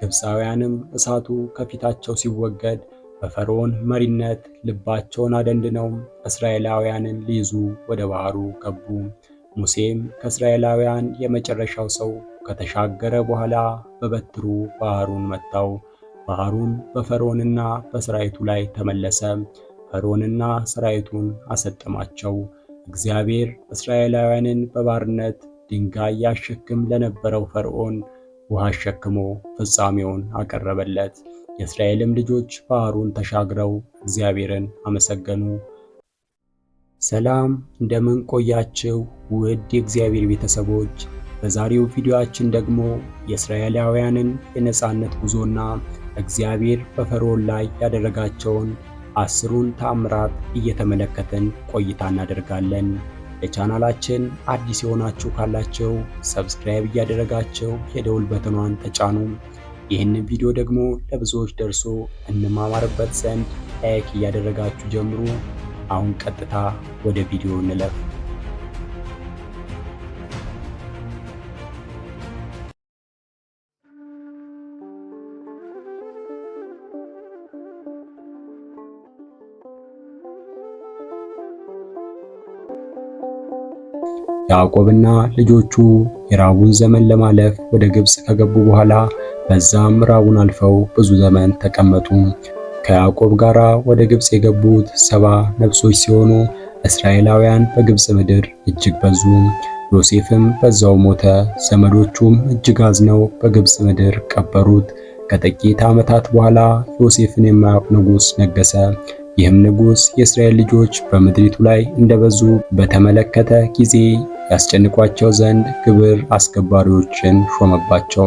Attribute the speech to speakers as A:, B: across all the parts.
A: ግብፃውያንም እሳቱ ከፊታቸው ሲወገድ በፈርዖን መሪነት ልባቸውን አደንድነው እስራኤላውያንን ሊይዙ ወደ ባህሩ ገቡ። ሙሴም ከእስራኤላውያን የመጨረሻው ሰው ከተሻገረ በኋላ በበትሩ ባህሩን መታው። ባህሩን በፈርዖንና በሰራዊቱ ላይ ተመለሰ። ፈርዖንና ሰራዊቱን አሰጠማቸው። እግዚአብሔር እስራኤላውያንን በባርነት ድንጋይ ያሸክም ለነበረው ፈርዖን ውሃ አሸክሞ ፍጻሜውን አቀረበለት። የእስራኤልም ልጆች ባህሩን ተሻግረው እግዚአብሔርን አመሰገኑ። ሰላም እንደምን ቆያችሁ ውድ የእግዚአብሔር ቤተሰቦች። በዛሬው ቪዲዮአችን ደግሞ የእስራኤላውያንን የነጻነት ጉዞና እግዚአብሔር በፈርዖን ላይ ያደረጋቸውን አስሩን ተአምራት እየተመለከትን ቆይታ እናደርጋለን። ለቻናላችን አዲስ የሆናችሁ ካላችሁ ሰብስክራይብ እያደረጋቸው የደውል በተኗን ተጫኑ። ይህንን ቪዲዮ ደግሞ ለብዙዎች ደርሶ እንማማርበት ዘንድ ላይክ እያደረጋችሁ ጀምሩ። አሁን ቀጥታ ወደ ቪዲዮ እንለፍ። ያዕቆብና ልጆቹ የራቡን ዘመን ለማለፍ ወደ ግብፅ ከገቡ በኋላ በዛም ራቡን አልፈው ብዙ ዘመን ተቀመጡ። ከያዕቆብ ጋር ወደ ግብፅ የገቡት ሰባ ነፍሶች ሲሆኑ እስራኤላውያን በግብጽ ምድር እጅግ በዙ። ዮሴፍም በዛው ሞተ። ዘመዶቹም እጅግ አዝነው በግብጽ ምድር ቀበሩት። ከጥቂት ዓመታት በኋላ ዮሴፍን የማያውቅ ንጉሥ ነገሰ ይህም ንጉሥ የእስራኤል ልጆች በምድሪቱ ላይ እንደበዙ በተመለከተ ጊዜ ያስጨንቋቸው ዘንድ ግብር አስከባሪዎችን ሾመባቸው።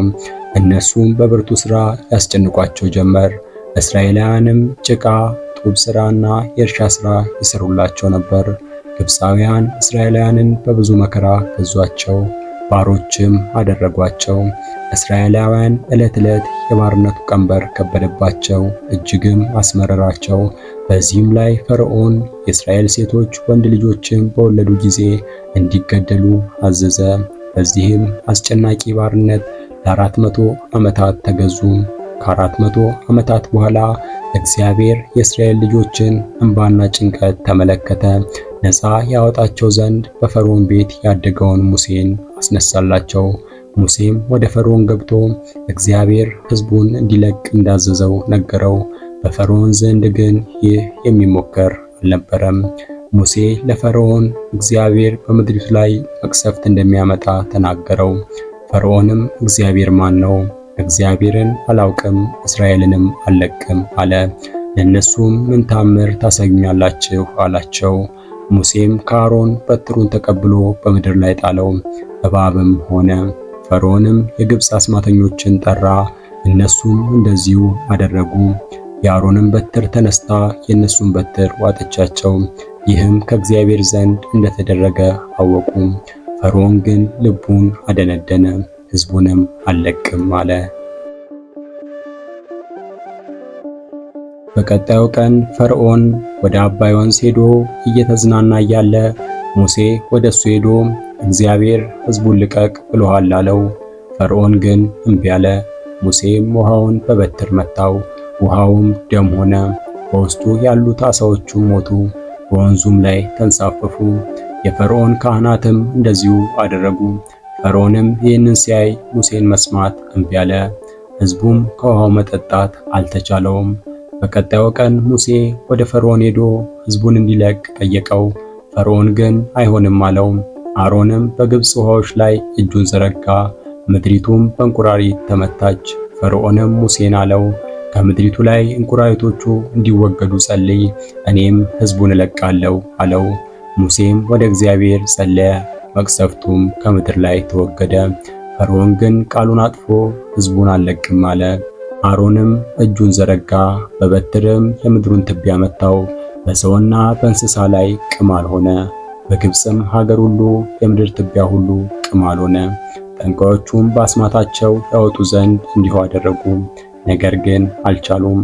A: እነሱም በብርቱ ሥራ ያስጨንቋቸው ጀመር። እስራኤላውያንም ጭቃ፣ ጡብ ሥራና የእርሻ ሥራ ይሰሩላቸው ነበር። ግብፃውያን እስራኤላውያንን በብዙ መከራ ገዟቸው። ባሮችም አደረጓቸው። እስራኤላውያን ዕለት ዕለት የባርነቱ ቀንበር ከበደባቸው፣ እጅግም አስመረራቸው። በዚህም ላይ ፈርዖን የእስራኤል ሴቶች ወንድ ልጆችን በወለዱ ጊዜ እንዲገደሉ አዘዘ። በዚህም አስጨናቂ ባርነት ለአራት መቶ ዓመታት ተገዙ። ከአራት መቶ ዓመታት በኋላ እግዚአብሔር የእስራኤል ልጆችን እንባና ጭንቀት ተመለከተ። ነፃ ያወጣቸው ዘንድ በፈርዖን ቤት ያደገውን ሙሴን አስነሳላቸው። ሙሴም ወደ ፈርዖን ገብቶ እግዚአብሔር ሕዝቡን እንዲለቅ እንዳዘዘው ነገረው። በፈርዖን ዘንድ ግን ይህ የሚሞከር አልነበረም። ሙሴ ለፈርዖን እግዚአብሔር በምድሪቱ ላይ መቅሰፍት እንደሚያመጣ ተናገረው። ፈርዖንም እግዚአብሔር ማን ነው? እግዚአብሔርን አላውቅም፣ እስራኤልንም አልለቅም አለ። ለእነሱም ምን ታምር ታሰኛላችሁ? አላቸው። ሙሴም ከአሮን በትሩን ተቀብሎ በምድር ላይ ጣለው፣ እባብም ሆነ። ፈርዖንም የግብፅ አስማተኞችን ጠራ፣ እነሱም እንደዚሁ አደረጉ። የአሮንም በትር ተነስታ የእነሱን በትር ዋጠቻቸው። ይህም ከእግዚአብሔር ዘንድ እንደተደረገ አወቁ። ፈርዖን ግን ልቡን አደነደነ፣ ሕዝቡንም አልለቅም አለ። በቀጣዩ ቀን ፈርዖን ወደ አባይ ወንዝ ሄዶ እየተዝናና እያለ ሙሴ ወደ እሱ ሄዶ እግዚአብሔር ሕዝቡን ልቀቅ ብሎሃል አለው። ፈርዖን ግን እምቢ አለ። ሙሴም ውሃውን በበትር መታው። ውሃውም ደም ሆነ። በውስጡ ያሉት አሳዎቹ ሞቱ፣ በወንዙም ላይ ተንሳፈፉ። የፈርዖን ካህናትም እንደዚሁ አደረጉ። ፈርዖንም ይህንን ሲያይ ሙሴን መስማት እምቢ አለ። ሕዝቡም ከውሃው መጠጣት አልተቻለውም። በቀጣዩ ቀን ሙሴ ወደ ፈርዖን ሄዶ ሕዝቡን እንዲለቅ ጠየቀው። ፈርዖን ግን አይሆንም አለው። አሮንም በግብፅ ውሃዎች ላይ እጁን ዘረጋ፣ ምድሪቱም በእንቁራሪት ተመታች። ፈርዖንም ሙሴን አለው፣ ከምድሪቱ ላይ እንቁራሪቶቹ እንዲወገዱ ጸልይ፣ እኔም ሕዝቡን እለቃለሁ አለው። ሙሴም ወደ እግዚአብሔር ጸለየ፣ መቅሰፍቱም ከምድር ላይ ተወገደ። ፈርዖን ግን ቃሉን አጥፎ ሕዝቡን አልለቅም አለ። አሮንም እጁን ዘረጋ፣ በበትርም የምድሩን ትቢያ መታው፣ በሰውና በእንስሳ ላይ ቅማል ሆነ። በግብፅም ሀገር ሁሉ የምድር ትቢያ ሁሉ ቅማል ሆነ። ጠንቋዮቹም በአስማታቸው ያወጡ ዘንድ እንዲሁ አደረጉ፣ ነገር ግን አልቻሉም።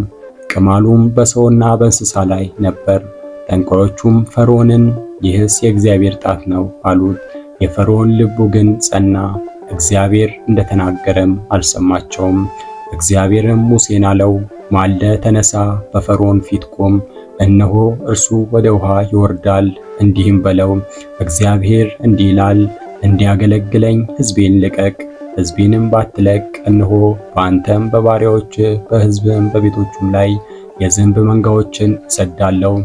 A: ቅማሉም በሰውና በእንስሳ ላይ ነበር። ጠንቋዮቹም ፈርዖንን ይህስ የእግዚአብሔር ጣት ነው አሉት። የፈርዖን ልቡ ግን ጸና፣ እግዚአብሔር እንደተናገረም አልሰማቸውም። እግዚአብሔርም ሙሴን አለው፣ ማለ ተነሳ፣ በፈርዖን ፊት ቆም፣ እነሆ እርሱ ወደ ውሃ ይወርዳል። እንዲህም በለው፣ እግዚአብሔር እንዲህ ይላል፣ እንዲያገለግለኝ ሕዝቤን ልቀቅ። ሕዝቤንም ባትለቅ፣ እነሆ በአንተም በባሪያዎች በሕዝብም በቤቶቹም ላይ የዝንብ መንጋዎችን እሰዳለሁ።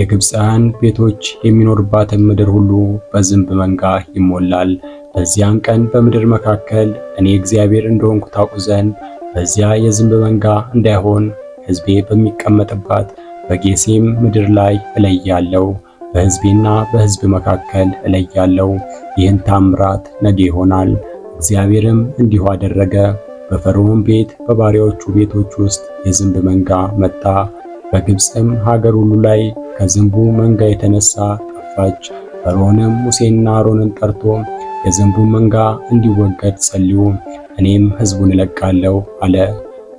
A: የግብፃን ቤቶች የሚኖርባትን ምድር ሁሉ በዝንብ መንጋ ይሞላል። በዚያን ቀን በምድር መካከል እኔ እግዚአብሔር እንደሆንኩ ታውቁ ዘንድ በዚያ የዝንብ መንጋ እንዳይሆን ሕዝቤ በሚቀመጥባት በጌሴም ምድር ላይ እለያለሁ፣ በሕዝቤና በሕዝብ መካከል እለያለሁ። ይህን ታምራት ነገ ይሆናል። እግዚአብሔርም እንዲሁ አደረገ። በፈርዖን ቤት በባሪያዎቹ ቤቶች ውስጥ የዝንብ መንጋ መጣ። በግብፅም ሀገር ሁሉ ላይ ከዝንቡ መንጋ የተነሳ ጠፋች። ፈርዖንም ሙሴና አሮንን ጠርቶ የዝንቡ መንጋ እንዲወገድ ጸልዩ እኔም ሕዝቡን እለቃለሁ አለ።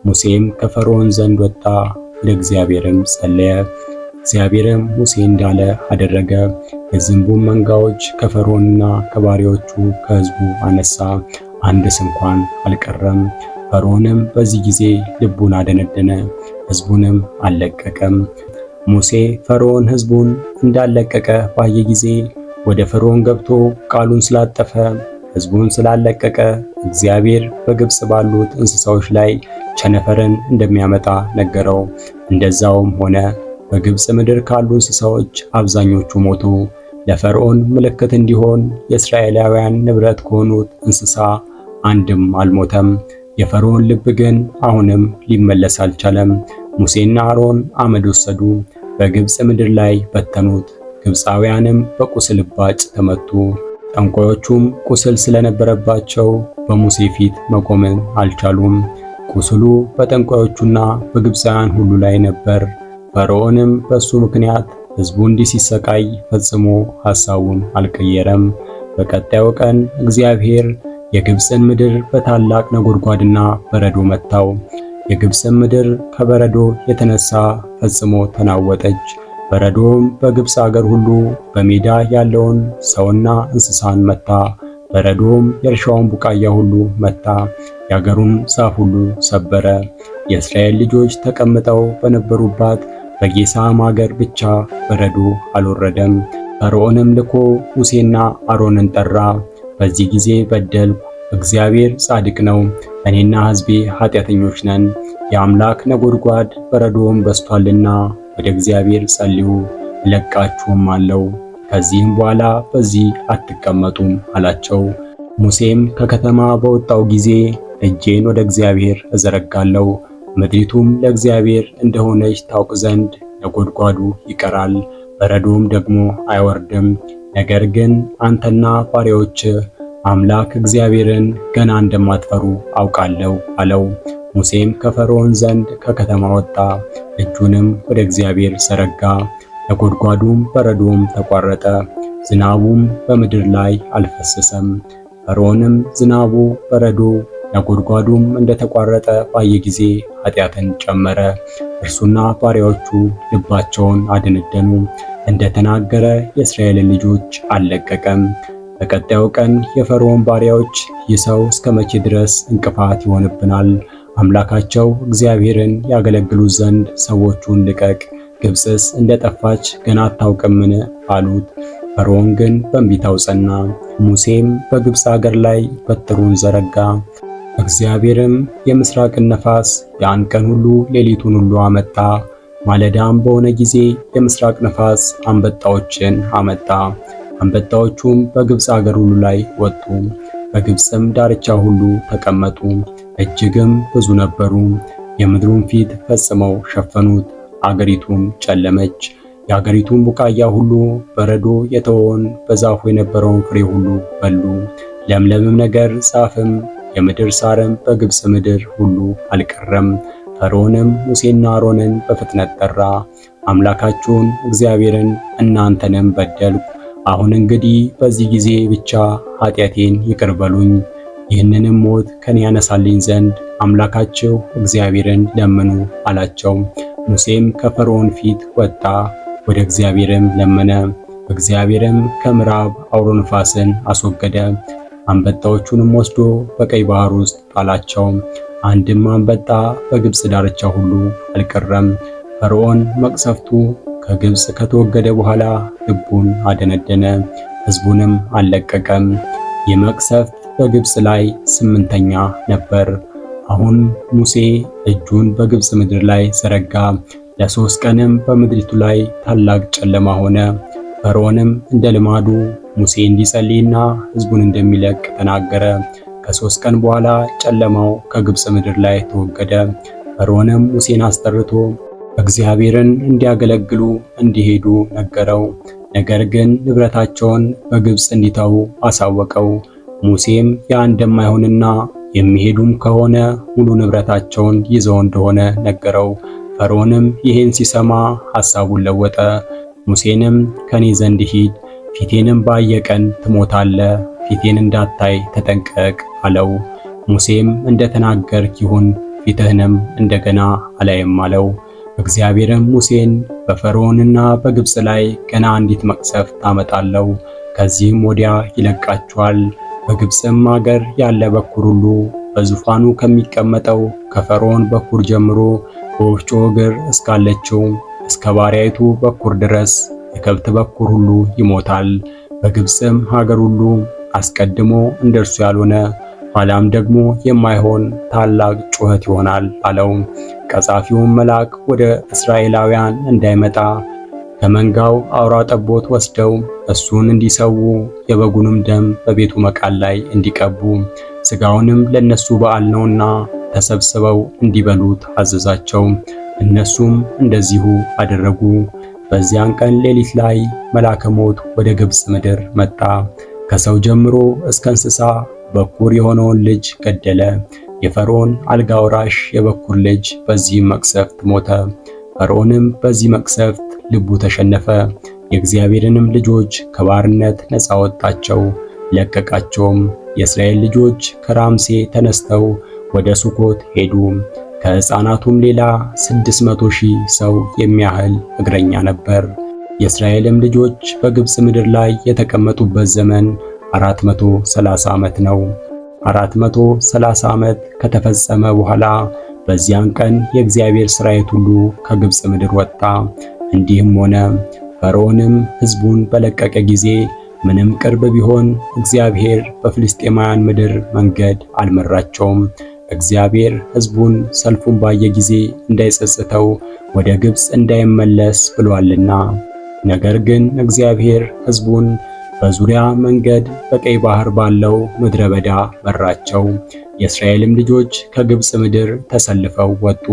A: ሙሴም ከፈርዖን ዘንድ ወጣ፣ ወደ እግዚአብሔርም ጸለየ። እግዚአብሔርም ሙሴ እንዳለ አደረገ። የዝንቡን መንጋዎች ከፈርዖንና ከባሪያዎቹ ከሕዝቡ አነሳ፣ አንድስ እንኳን አልቀረም። ፈርዖንም በዚህ ጊዜ ልቡን አደነደነ፣ ሕዝቡንም አልለቀቀም። ሙሴ ፈርዖን ሕዝቡን እንዳለቀቀ ባየ ጊዜ ወደ ፈርዖን ገብቶ ቃሉን ስላጠፈ ሕዝቡን ስላለቀቀ እግዚአብሔር በግብጽ ባሉት እንስሳዎች ላይ ቸነፈርን እንደሚያመጣ ነገረው። እንደዛውም ሆነ። በግብጽ ምድር ካሉ እንስሳዎች አብዛኞቹ ሞቱ። ለፈርዖን ምልክት እንዲሆን የእስራኤላውያን ንብረት ከሆኑት እንስሳ አንድም አልሞተም። የፈርዖን ልብ ግን አሁንም ሊመለስ አልቻለም። ሙሴና አሮን አመድ ወሰዱ፣ በግብጽ ምድር ላይ በተኑት። ግብጻውያንም በቁስልባጭ ተመቱ። ጠንቋዮቹም ቁስል ስለነበረባቸው በሙሴ ፊት መቆምን አልቻሉም። ቁስሉ በጠንቋዮቹና በግብፃውያን ሁሉ ላይ ነበር። ፈርዖንም በሱ ምክንያት ሕዝቡ እንዲህ ሲሰቃይ ፈጽሞ ሐሳቡን አልቀየረም። በቀጣዩ ቀን እግዚአብሔር የግብፅን ምድር በታላቅ ነጎድጓድና በረዶ መታው። የግብፅን ምድር ከበረዶ የተነሳ ፈጽሞ ተናወጠች። በረዶም በግብፅ አገር ሁሉ በሜዳ ያለውን ሰውና እንስሳን መታ። በረዶም የእርሻውን ቡቃያ ሁሉ መታ፣ የአገሩን ዛፍ ሁሉ ሰበረ። የእስራኤል ልጆች ተቀምጠው በነበሩባት በጌሳም አገር ብቻ በረዶ አልወረደም። ፈርዖንም ልኮ ሙሴና አሮንን ጠራ። በዚህ ጊዜ በደልኩ፣ እግዚአብሔር ጻድቅ ነው፣ እኔና ሕዝቤ ኃጢአተኞች ነን፣ የአምላክ ነጎድጓድ በረዶም በስቷልና ወደ እግዚአብሔር ጸልዩ ለቃችሁም አለው። ከዚህም በኋላ በዚህ አትቀመጡም አላቸው። ሙሴም ከከተማ በወጣው ጊዜ እጄን ወደ እግዚአብሔር እዘረጋለሁ፣ ምድሪቱም ለእግዚአብሔር እንደሆነች ታውቅ ዘንድ ነጎድጓዱ ይቀራል፣ በረዶም ደግሞ አይወርድም። ነገር ግን አንተና ባሪያዎች አምላክ እግዚአብሔርን ገና እንደማትፈሩ አውቃለሁ አለው። ሙሴም ከፈርዖን ዘንድ ከከተማ ወጣ። እጁንም ወደ እግዚአብሔር ዘረጋ፣ ነጎድጓዱም በረዶም ተቋረጠ፣ ዝናቡም በምድር ላይ አልፈሰሰም። ፈርዖንም ዝናቡ በረዶ ነጎድጓዱም እንደተቋረጠ ባየ ጊዜ ኃጢአትን ጨመረ። እርሱና ባሪያዎቹ ልባቸውን አደነደኑ፣ እንደተናገረ የእስራኤልን ልጆች አልለቀቀም። በቀጣዩ ቀን የፈርዖን ባሪያዎች ይህ ሰው እስከ መቼ ድረስ እንቅፋት ይሆንብናል አምላካቸው እግዚአብሔርን ያገለግሉት ዘንድ ሰዎቹን ልቀቅ፣ ግብፅስ እንደጠፋች ገና አታውቅምን አሉት። ፈርዖን ግን በእምቢታው ጸና። ሙሴም በግብፅ አገር ላይ በትሩን ዘረጋ። እግዚአብሔርም የምስራቅን ነፋስ ያን ቀን ሁሉ ሌሊቱን ሁሉ አመጣ። ማለዳም በሆነ ጊዜ የምስራቅ ነፋስ አንበጣዎችን አመጣ። አንበጣዎቹም በግብፅ አገር ሁሉ ላይ ወጡ፣ በግብፅም ዳርቻ ሁሉ ተቀመጡ። እጅግም ብዙ ነበሩ። የምድሩን ፊት ፈጽመው ሸፈኑት፣ አገሪቱም ጨለመች። የአገሪቱን ቡቃያ ሁሉ በረዶ የተወውን በዛፉ የነበረውን ፍሬ ሁሉ በሉ። ለምለምም ነገር ዛፍም የምድር ሳርም በግብፅ ምድር ሁሉ አልቀረም። ፈርዖንም ሙሴና አሮንን በፍጥነት ጠራ። አምላካችሁን እግዚአብሔርን እናንተንም በደልኩ። አሁን እንግዲህ በዚህ ጊዜ ብቻ ኃጢአቴን ይቅር በሉኝ ይህንንም ሞት ከኔ ያነሳልኝ ዘንድ አምላካቸው እግዚአብሔርን ለምኑ አላቸው። ሙሴም ከፈርዖን ፊት ወጣ፣ ወደ እግዚአብሔርም ለመነ። እግዚአብሔርም ከምዕራብ አውሎ ነፋስን አስወገደ። አንበጣዎቹንም ወስዶ በቀይ ባህር ውስጥ ጣላቸው። አንድም አንበጣ በግብፅ ዳርቻ ሁሉ አልቀረም። ፈርዖን መቅሰፍቱ ከግብፅ ከተወገደ በኋላ ልቡን አደነደነ፣ ሕዝቡንም አልለቀቀም። የመቅሰፍት በግብፅ ላይ ስምንተኛ ነበር። አሁን ሙሴ እጁን በግብፅ ምድር ላይ ዘረጋ፣ ለሶስት ቀንም በምድሪቱ ላይ ታላቅ ጨለማ ሆነ። ፈርዖንም እንደ ልማዱ ሙሴ እንዲጸልይና ሕዝቡን እንደሚለቅ ተናገረ። ከሶስት ቀን በኋላ ጨለማው ከግብፅ ምድር ላይ ተወገደ። ፈርዖንም ሙሴን አስጠርቶ እግዚአብሔርን እንዲያገለግሉ እንዲሄዱ ነገረው። ነገር ግን ንብረታቸውን በግብፅ እንዲተዉ አሳወቀው። ሙሴም ያ እንደማይሆንና የሚሄዱም ከሆነ ሙሉ ንብረታቸውን ይዘው እንደሆነ ነገረው። ፈርዖንም ይህን ሲሰማ ሐሳቡን ለወጠ። ሙሴንም ከኔ ዘንድ ሂድ፣ ፊቴንም ባየቀን ትሞታለ ፊቴን እንዳታይ ተጠንቀቅ አለው። ሙሴም እንደ ተናገርክ ይሁን፣ ፊትህንም እንደገና አላይም አለው። እግዚአብሔርም ሙሴን በፈርዖንና በግብፅ ላይ ገና አንዲት መቅሰፍት ታመጣለው፣ ከዚህም ወዲያ ይለቃችኋል በግብፅም አገር ያለ በኩር ሁሉ በዙፋኑ ከሚቀመጠው ከፈርዖን በኩር ጀምሮ በወፍጮ እግር እስካለችው እስከ ባሪያይቱ በኩር ድረስ የከብት በኩር ሁሉ ይሞታል። በግብፅም ሀገር ሁሉ አስቀድሞ እንደርሱ ያልሆነ ኋላም ደግሞ የማይሆን ታላቅ ጩኸት ይሆናል አለው። ቀጻፊውም መልአክ ወደ እስራኤላውያን እንዳይመጣ ከመንጋው አውራ ጠቦት ወስደው እሱን እንዲሰዉ የበጉንም ደም በቤቱ መቃል ላይ እንዲቀቡ ስጋውንም ለነሱ በዓል ነውና ተሰብስበው እንዲበሉት አዘዛቸው። እነሱም እንደዚሁ አደረጉ። በዚያን ቀን ሌሊት ላይ መልአከ ሞት ወደ ግብጽ ምድር መጣ። ከሰው ጀምሮ እስከ እንስሳ በኩር የሆነውን ልጅ ገደለ። የፈርዖን አልጋ ወራሽ የበኩር ልጅ በዚህ መቅሰፍት ሞተ። ፈርዖንም በዚህ መቅሰፍት ልቡ ተሸነፈ። የእግዚአብሔርንም ልጆች ከባርነት ነፃ ወጣቸው፣ ለቀቃቸውም። የእስራኤል ልጆች ከራምሴ ተነስተው ወደ ሱኮት ሄዱ። ከሕፃናቱም ሌላ 600 መቶ ሺህ ሰው የሚያህል እግረኛ ነበር። የእስራኤልም ልጆች በግብፅ ምድር ላይ የተቀመጡበት ዘመን 430 ዓመት ነው። 430 ዓመት ከተፈጸመ በኋላ በዚያን ቀን የእግዚአብሔር ሠራዊት ሁሉ ከግብፅ ምድር ወጣ። እንዲህም ሆነ ፈርዖንም ሕዝቡን በለቀቀ ጊዜ ምንም ቅርብ ቢሆን እግዚአብሔር በፍልስጤማውያን ምድር መንገድ አልመራቸውም። እግዚአብሔር ሕዝቡን ሰልፉን ባየ ጊዜ እንዳይጸጽተው ወደ ግብጽ እንዳይመለስ ብሏልና። ነገር ግን እግዚአብሔር ሕዝቡን በዙሪያ መንገድ በቀይ ባህር ባለው ምድረ በዳ መራቸው። የእስራኤልም ልጆች ከግብጽ ምድር ተሰልፈው ወጡ።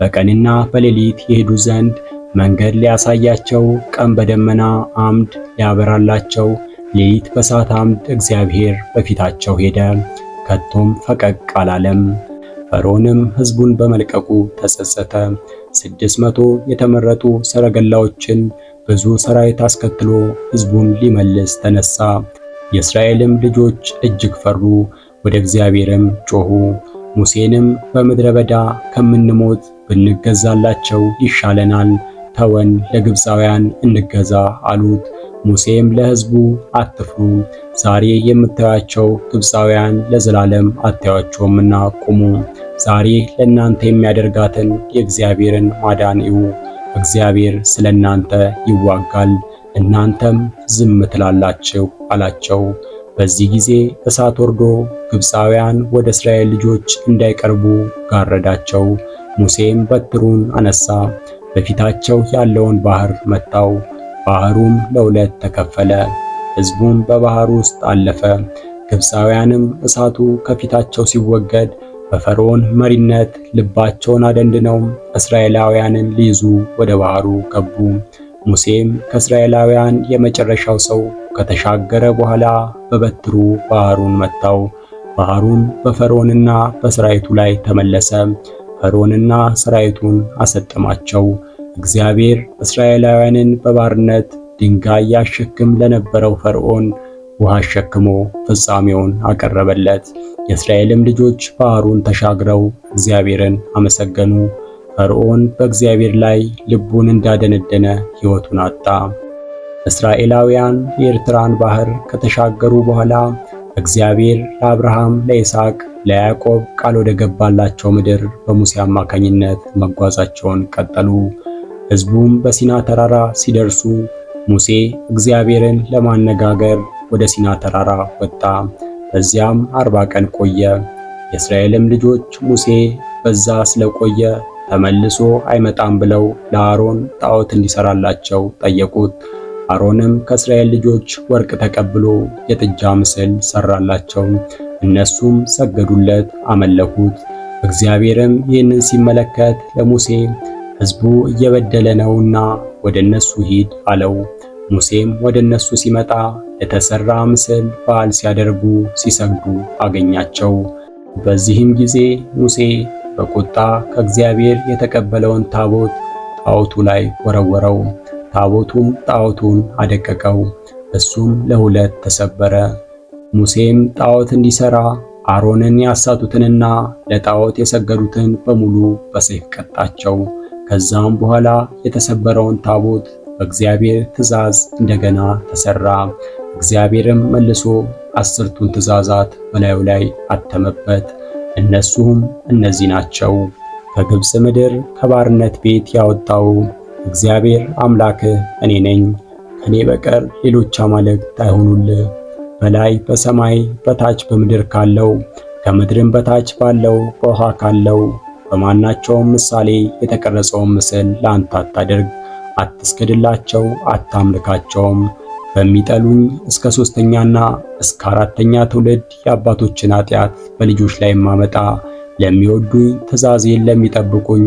A: በቀንና በሌሊት የሄዱ ዘንድ መንገድ ሊያሳያቸው፣ ቀን በደመና አምድ ሊያበራላቸው፣ ሌሊት በእሳት አምድ እግዚአብሔር በፊታቸው ሄደ፣ ከቶም ፈቀቅ አላለም። ፈርዖንም ሕዝቡን በመልቀቁ ተጸጸተ። ስድስት መቶ የተመረጡ ሰረገላዎችን ብዙ ሰራዊት አስከትሎ ሕዝቡን ሊመልስ ተነሳ። የእስራኤልም ልጆች እጅግ ፈሩ፣ ወደ እግዚአብሔርም ጮኹ። ሙሴንም በምድረ በዳ ከምንሞት ብንገዛላቸው ይሻለናል ተወን ለግብፃውያን እንገዛ አሉት። ሙሴም ለሕዝቡ አትፍሩ፣ ዛሬ የምታዩአቸው ግብፃውያን ለዘላለም አታዩአቸውምና ቁሙ፣ ዛሬ ለእናንተ የሚያደርጋትን የእግዚአብሔርን ማዳን እዩ። እግዚአብሔር ስለ እናንተ ይዋጋል፣ እናንተም ዝም ትላላችሁ አላቸው። በዚህ ጊዜ እሳት ወርዶ ግብፃውያን ወደ እስራኤል ልጆች እንዳይቀርቡ ጋረዳቸው። ሙሴም በትሩን አነሳ፣ በፊታቸው ያለውን ባህር መታው። ባህሩም ለሁለት ተከፈለ። ሕዝቡም በባህር ውስጥ አለፈ። ግብፃውያንም እሳቱ ከፊታቸው ሲወገድ በፈርዖን መሪነት ልባቸውን አደንድነው እስራኤላውያንን ሊይዙ ወደ ባህሩ ገቡ። ሙሴም ከእስራኤላውያን የመጨረሻው ሰው ከተሻገረ በኋላ በበትሩ ባህሩን መታው። ባህሩን በፈርዖንና በሰራዊቱ ላይ ተመለሰ። ፈርዖንና ሰራዊቱን አሰጠማቸው። እግዚአብሔር እስራኤላውያንን በባርነት ድንጋይ ያሸክም ለነበረው ፈርዖን ውሃ አሸክሞ ፍጻሜውን አቀረበለት። የእስራኤልም ልጆች ባህሩን ተሻግረው እግዚአብሔርን አመሰገኑ። ፈርዖን በእግዚአብሔር ላይ ልቡን እንዳደነደነ ሕይወቱን አጣ። እስራኤላውያን የኤርትራን ባህር ከተሻገሩ በኋላ እግዚአብሔር ለአብርሃም፣ ለይስሐቅ፣ ለያዕቆብ ቃል ወደ ገባላቸው ምድር በሙሴ አማካኝነት መጓዛቸውን ቀጠሉ። ሕዝቡም በሲና ተራራ ሲደርሱ ሙሴ እግዚአብሔርን ለማነጋገር ወደ ሲና ተራራ ወጣ። በዚያም አርባ ቀን ቆየ። የእስራኤልም ልጆች ሙሴ በዛ ስለቆየ ተመልሶ አይመጣም ብለው ለአሮን ጣዖት እንዲሰራላቸው ጠየቁት። አሮንም ከእስራኤል ልጆች ወርቅ ተቀብሎ የጥጃ ምስል ሰራላቸው። እነሱም ሰገዱለት፣ አመለኩት። እግዚአብሔርም ይህንን ሲመለከት ለሙሴ ሕዝቡ እየበደለ ነውና ወደ እነሱ ሂድ አለው። ሙሴም ወደ እነሱ ሲመጣ ለተሰራ ምስል በዓል ሲያደርጉ ሲሰግዱ አገኛቸው። በዚህም ጊዜ ሙሴ በቁጣ ከእግዚአብሔር የተቀበለውን ታቦት ጣዖቱ ላይ ወረወረው። ታቦቱም ጣዖቱን አደቀቀው፣ እሱም ለሁለት ተሰበረ። ሙሴም ጣዖት እንዲሰራ አሮንን ያሳቱትንና ለጣዖት የሰገዱትን በሙሉ በሰይፍ ቀጣቸው። ከዛም በኋላ የተሰበረውን ታቦት በእግዚአብሔር ትእዛዝ እንደገና ተሰራ። እግዚአብሔርም መልሶ አስርቱን ትእዛዛት በላዩ ላይ አተመበት። እነሱም እነዚህ ናቸው፦ ከግብፅ ምድር ከባርነት ቤት ያወጣው እግዚአብሔር አምላክህ እኔ ነኝ፣ ከኔ በቀር ሌሎች አማልክት አይሆኑልህ። በላይ በሰማይ በታች በምድር ካለው ከምድርም በታች ባለው በውሃ ካለው በማናቸውም ምሳሌ የተቀረጸውን ምስል ለአንተ አታደርግ። አትስገድላቸው፣ አታምልካቸውም። በሚጠሉኝ እስከ ሶስተኛና እስከ አራተኛ ትውልድ የአባቶችን ኃጢአት በልጆች ላይ ማመጣ ለሚወዱኝ ትእዛዜን ለሚጠብቁኝ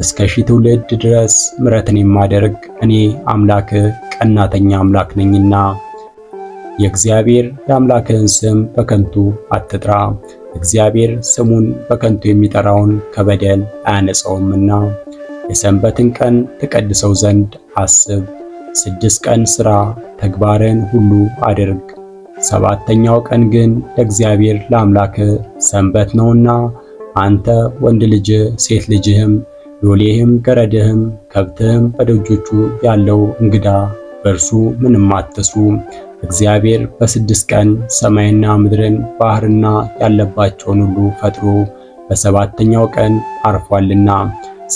A: እስከ ሺህ ትውልድ ድረስ ምረትን የማደርግ እኔ አምላክ ቀናተኛ አምላክ ነኝና። የእግዚአብሔር የአምላክህን ስም በከንቱ አትጥራ፣ እግዚአብሔር ስሙን በከንቱ የሚጠራውን ከበደል አያነጸውምና የሰንበትን ቀን ትቀድሰው ዘንድ አስብ። ስድስት ቀን ሥራ ተግባርን ሁሉ አድርግ። ሰባተኛው ቀን ግን ለእግዚአብሔር ለአምላክህ ሰንበት ነውና አንተ ወንድ ልጅ ሴት ልጅህም ሎሌህም ገረድህም ከብትህም በደጆቹ ያለው እንግዳ በእርሱ ምንም አትስሩ። እግዚአብሔር በስድስት ቀን ሰማይና ምድርን ባህርና ያለባቸውን ሁሉ ፈጥሮ በሰባተኛው ቀን አርፏልና፣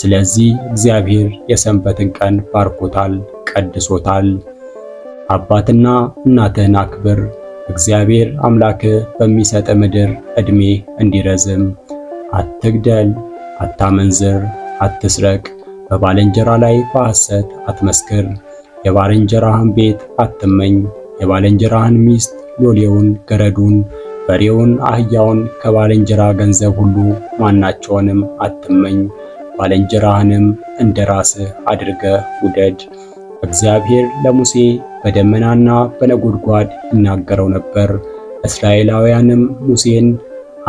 A: ስለዚህ እግዚአብሔር የሰንበትን ቀን ባርኮታል፣ ቀድሶታል። አባትና እናትህን አክብር፣ እግዚአብሔር አምላክህ በሚሰጥ ምድር ዕድሜ እንዲረዝም። አትግደል፣ አታመንዝር አትስረቅ፣ በባልንጀራ ላይ በሐሰት አትመስክር፣ የባልንጀራህን ቤት አትመኝ፣ የባልንጀራህን ሚስት፣ ሎሌውን፣ ገረዱን፣ በሬውን፣ አህያውን፣ ከባልንጀራ ገንዘብ ሁሉ ማናቸውንም አትመኝ። ባልንጀራህንም እንደ ራስህ አድርገህ ውደድ። እግዚአብሔር ለሙሴ በደመናና በነጎድጓድ ይናገረው ነበር። እስራኤላውያንም ሙሴን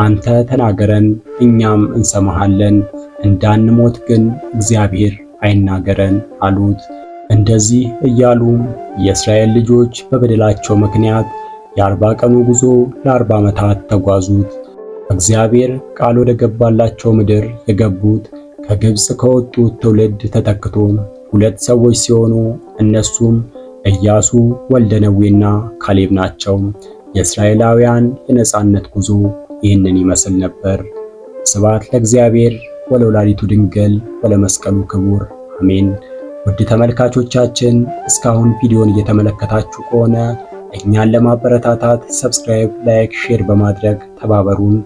A: አንተ ተናገረን እኛም እንሰማሃለን እንዳንሞት ግን እግዚአብሔር አይናገረን አሉት። እንደዚህ እያሉ የእስራኤል ልጆች በበደላቸው ምክንያት የአርባ ቀኑ ጉዞ ለአርባ ዓመታት ተጓዙት። እግዚአብሔር ቃል ወደ ገባላቸው ምድር የገቡት ከግብፅ ከወጡት ትውልድ ተተክቶ ሁለት ሰዎች ሲሆኑ እነሱም ኢያሱ ወልደ ነዌና ካሌብ ናቸው። የእስራኤላውያን የነጻነት ጉዞ ይህንን ይመስል ነበር። ስብሐት ለእግዚአብሔር። ወለወላዲቱ ድንግል ወለመስቀሉ ክቡር አሜን። ውድ ተመልካቾቻችን እስካሁን ቪዲዮን እየተመለከታችሁ ከሆነ እኛን ለማበረታታት ሰብስክራይብ፣ ላይክ፣ ሼር በማድረግ ተባበሩን።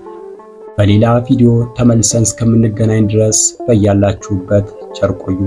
A: በሌላ ቪዲዮ ተመልሰን እስከምንገናኝ ድረስ በያላችሁበት ቸር ቆዩ።